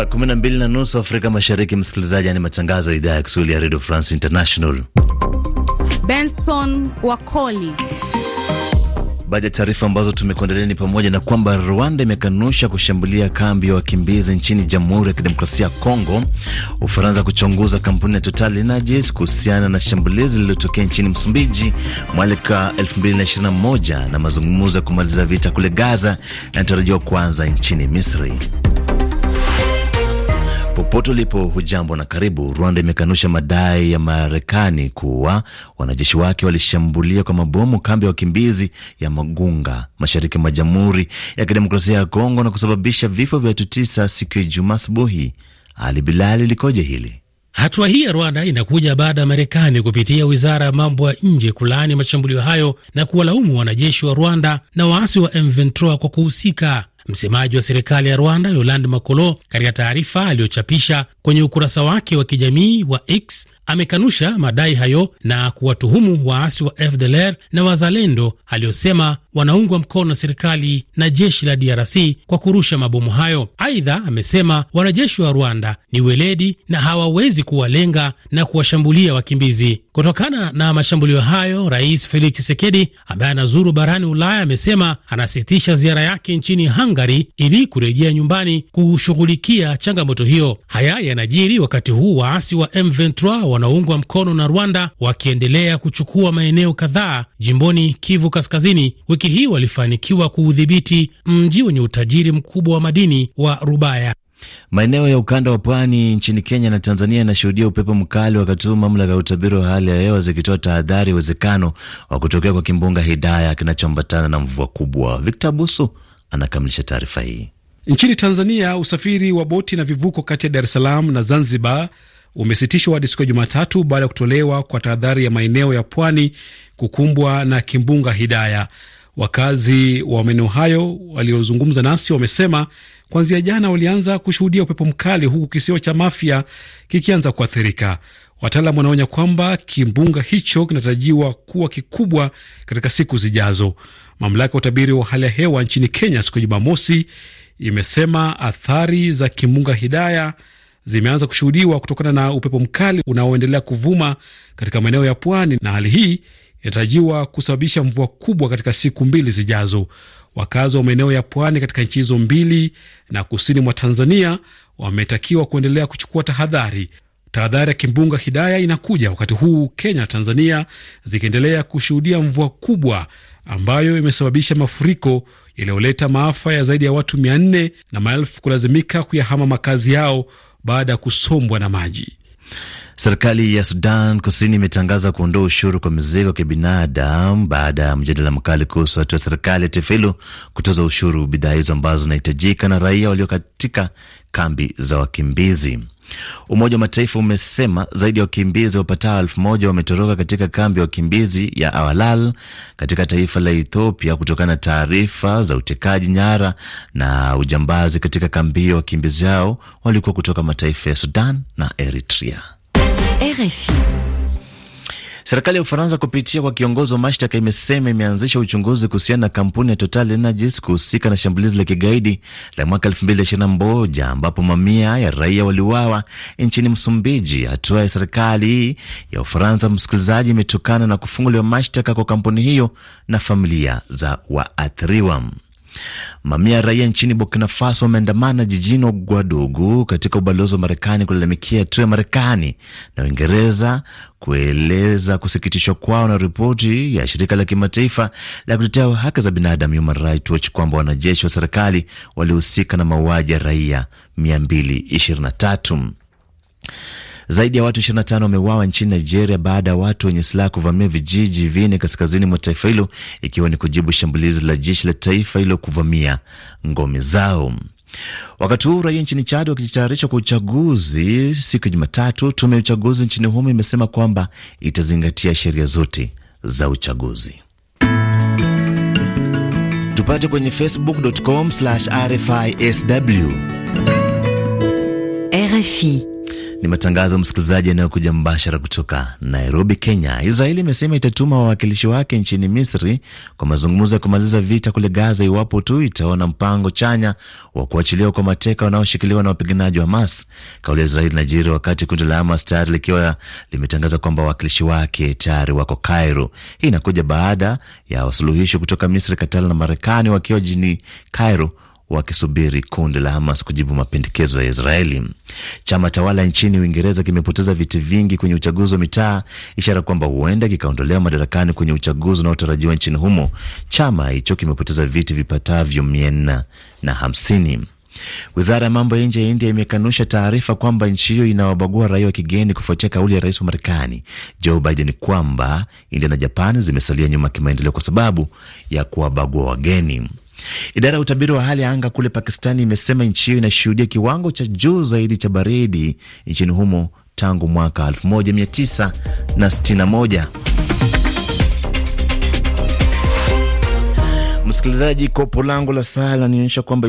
Saa 12 na nusu Afrika Mashariki, msikilizaji, ni matangazo ya idhaa ya Kiswahili ya Redio France International. Benson Wakoli. Baadhi ya taarifa ambazo tumekuandalia ni pamoja na kwamba Rwanda imekanusha kushambulia kambi ya wakimbizi nchini Jamhuri ya Kidemokrasia ya Kongo, Ufaransa kuchunguza kampuni ya Total Energies kuhusiana na shambulizi lililotokea nchini Msumbiji mwaka 2021 na mazungumzo ya kumaliza vita kule Gaza yanatarajiwa kuanza nchini Misri. Popote ulipo, hujambo na karibu. Rwanda imekanusha madai ya Marekani kuwa wanajeshi wake walishambulia kwa mabomu kambi ya wakimbizi ya Magunga mashariki mwa Jamhuri ya Kidemokrasia ya Kongo na kusababisha vifo vya watu tisa siku ya Ijumaa asubuhi. Ali Bilali, likoje hili? Hatua hii ya Rwanda inakuja baada ya Marekani kupitia wizara ya mambo ya nje kulaani mashambulio hayo na kuwalaumu wanajeshi wa Rwanda na waasi wa M23 kwa kuhusika. Msemaji wa serikali ya Rwanda Yolande Makolo, katika taarifa aliyochapisha kwenye ukurasa wake wa kijamii wa X amekanusha madai hayo na kuwatuhumu waasi wa FDLR na wazalendo aliyosema wanaungwa mkono na serikali na jeshi la DRC kwa kurusha mabomu hayo. Aidha, amesema wanajeshi wa Rwanda ni weledi na hawawezi kuwalenga na kuwashambulia wakimbizi. Kutokana na mashambulio hayo, Rais Felix Tshisekedi ambaye anazuru barani Ulaya amesema anasitisha ziara yake nchini Hungary ili kurejea nyumbani kushughulikia changamoto hiyo. Haya yanajiri wakati huu waasi wa M23 wanaoungwa mkono na Rwanda wakiendelea kuchukua maeneo kadhaa jimboni Kivu Kaskazini. Wiki hii walifanikiwa kuudhibiti mji wenye utajiri mkubwa wa madini wa Rubaya. Maeneo ya ukanda wa pwani nchini Kenya na Tanzania yanashuhudia upepo mkali, wakati huu mamlaka ya utabiri wa hali ya hewa zikitoa tahadhari uwezekano wa kutokea kwa kimbunga Hidaya kinachoambatana na mvua kubwa. Victor Buso anakamilisha taarifa hii. Nchini Tanzania, usafiri wa boti na vivuko kati ya Dar es Salaam na Zanzibar umesitishwa hadi siku ya Jumatatu baada ya kutolewa kwa tahadhari ya maeneo ya pwani kukumbwa na kimbunga Hidaya. Wakazi wa maeneo hayo waliozungumza nasi wamesema kuanzia jana walianza kushuhudia upepo mkali, huku kisiwa cha Mafia kikianza kuathirika. Wataalam wanaonya kwamba kimbunga hicho kinatarajiwa kuwa kikubwa katika siku zijazo. Mamlaka ya utabiri wa hali ya hewa nchini Kenya siku ya Jumamosi imesema athari za kimbunga Hidaya zimeanza kushuhudiwa kutokana na upepo mkali unaoendelea kuvuma katika maeneo ya pwani, na hali hii inatarajiwa kusababisha mvua kubwa katika siku mbili zijazo. Wakazi wa maeneo ya pwani katika nchi hizo mbili na kusini mwa Tanzania wametakiwa kuendelea kuchukua tahadhari. Tahadhari ya kimbunga Hidaya inakuja wakati huu Kenya na Tanzania zikiendelea kushuhudia mvua kubwa ambayo imesababisha mafuriko yaliyoleta maafa ya zaidi ya watu mia nne na maelfu kulazimika kuyahama makazi yao baada ya kusombwa na maji. Serikali ya Sudan Kusini imetangaza kuondoa ushuru kwa mizigo ya kibinadamu baada ya mjadala mkali kuhusu hatua ya serikali ya taifa hilo kutoza ushuru bidhaa hizo ambazo zinahitajika na raia walio katika kambi za wakimbizi. Umoja wa Mataifa umesema zaidi ya wakimbizi wapatao elfu moja wametoroka katika kambi ya wakimbizi ya Awalal katika taifa la Ethiopia kutokana na taarifa za utekaji nyara na ujambazi katika kambi hiyo. Wakimbizi hao walikuwa kutoka mataifa ya Sudan na Eritrea. RFI. Serikali ya Ufaransa kupitia kwa kiongozi wa mashtaka imesema imeanzisha uchunguzi kuhusiana na kampuni ya Total Energies kuhusika na shambulizi la kigaidi la mwaka 2021 ambapo mamia ya raia waliuawa nchini Msumbiji. Hatua ya serikali ya Ufaransa, msikilizaji, imetokana na kufunguliwa mashtaka kwa kampuni hiyo na familia za waathiriwa. Mamia ya raia nchini Burkina Faso wameandamana jijini Ouagadougou katika ubalozi wa Marekani kulalamikia hatua ya Marekani na Uingereza kueleza kusikitishwa kwao na ripoti ya shirika la kimataifa la kutetea haki za binadamu Human Rights Watch kwamba wanajeshi wa serikali walihusika na mauaji ya raia 223. Zaidi ya watu 25 wameuawa nchini Nigeria baada ya watu wenye silaha kuvamia vijiji vine kaskazini mwa taifa hilo, ikiwa ni kujibu shambulizi la jeshi la taifa hilo kuvamia ngome zao. Wakati huu raia nchini Chad wakijitayarisha kwa uchaguzi siku ya Jumatatu, tume ya uchaguzi nchini humo imesema kwamba itazingatia sheria zote za uchaguzi. Tupate kwenye facebook.com/rfisw RFI. Ni matangazo msikilizaji, yanayokuja mbashara kutoka Nairobi, Kenya. Israeli imesema itatuma wawakilishi wake nchini Misri kwa mazungumzo ya kumaliza vita kule Gaza iwapo tu itaona mpango chanya wa kuachiliwa kwa mateka wanaoshikiliwa na wapiganaji wa Hamas. Kauli ya Israeli inajiri wakati kundi la Hamas tayari likiwa limetangaza kwamba wawakilishi wake tayari wako Cairo. Hii inakuja baada ya wasuluhishi kutoka Misri, Katari na Marekani wakiwa jijini Cairo wakisubiri kundi la Hamas kujibu mapendekezo ya Israeli. Chama tawala nchini Uingereza kimepoteza viti vingi kwenye uchaguzi wa mitaa, ishara kwamba huenda kikaondolewa madarakani kwenye uchaguzi unaotarajiwa nchini humo. Chama hicho kimepoteza viti vipatavyo mia nne na hamsini. Wizara ya mambo ya nje ya India imekanusha taarifa kwamba nchi hiyo inawabagua raia wa kigeni kufuatia kauli ya rais wa Marekani Joe Biden kwamba India na Japan zimesalia nyuma kimaendeleo kwa sababu ya kuwabagua wageni. Idara ya utabiri wa hali ya anga kule Pakistani imesema nchi hiyo inashuhudia kiwango cha juu zaidi cha baridi nchini humo tangu mwaka 1961. Msikilizaji, kopo langu la saa linanionyesha kwamba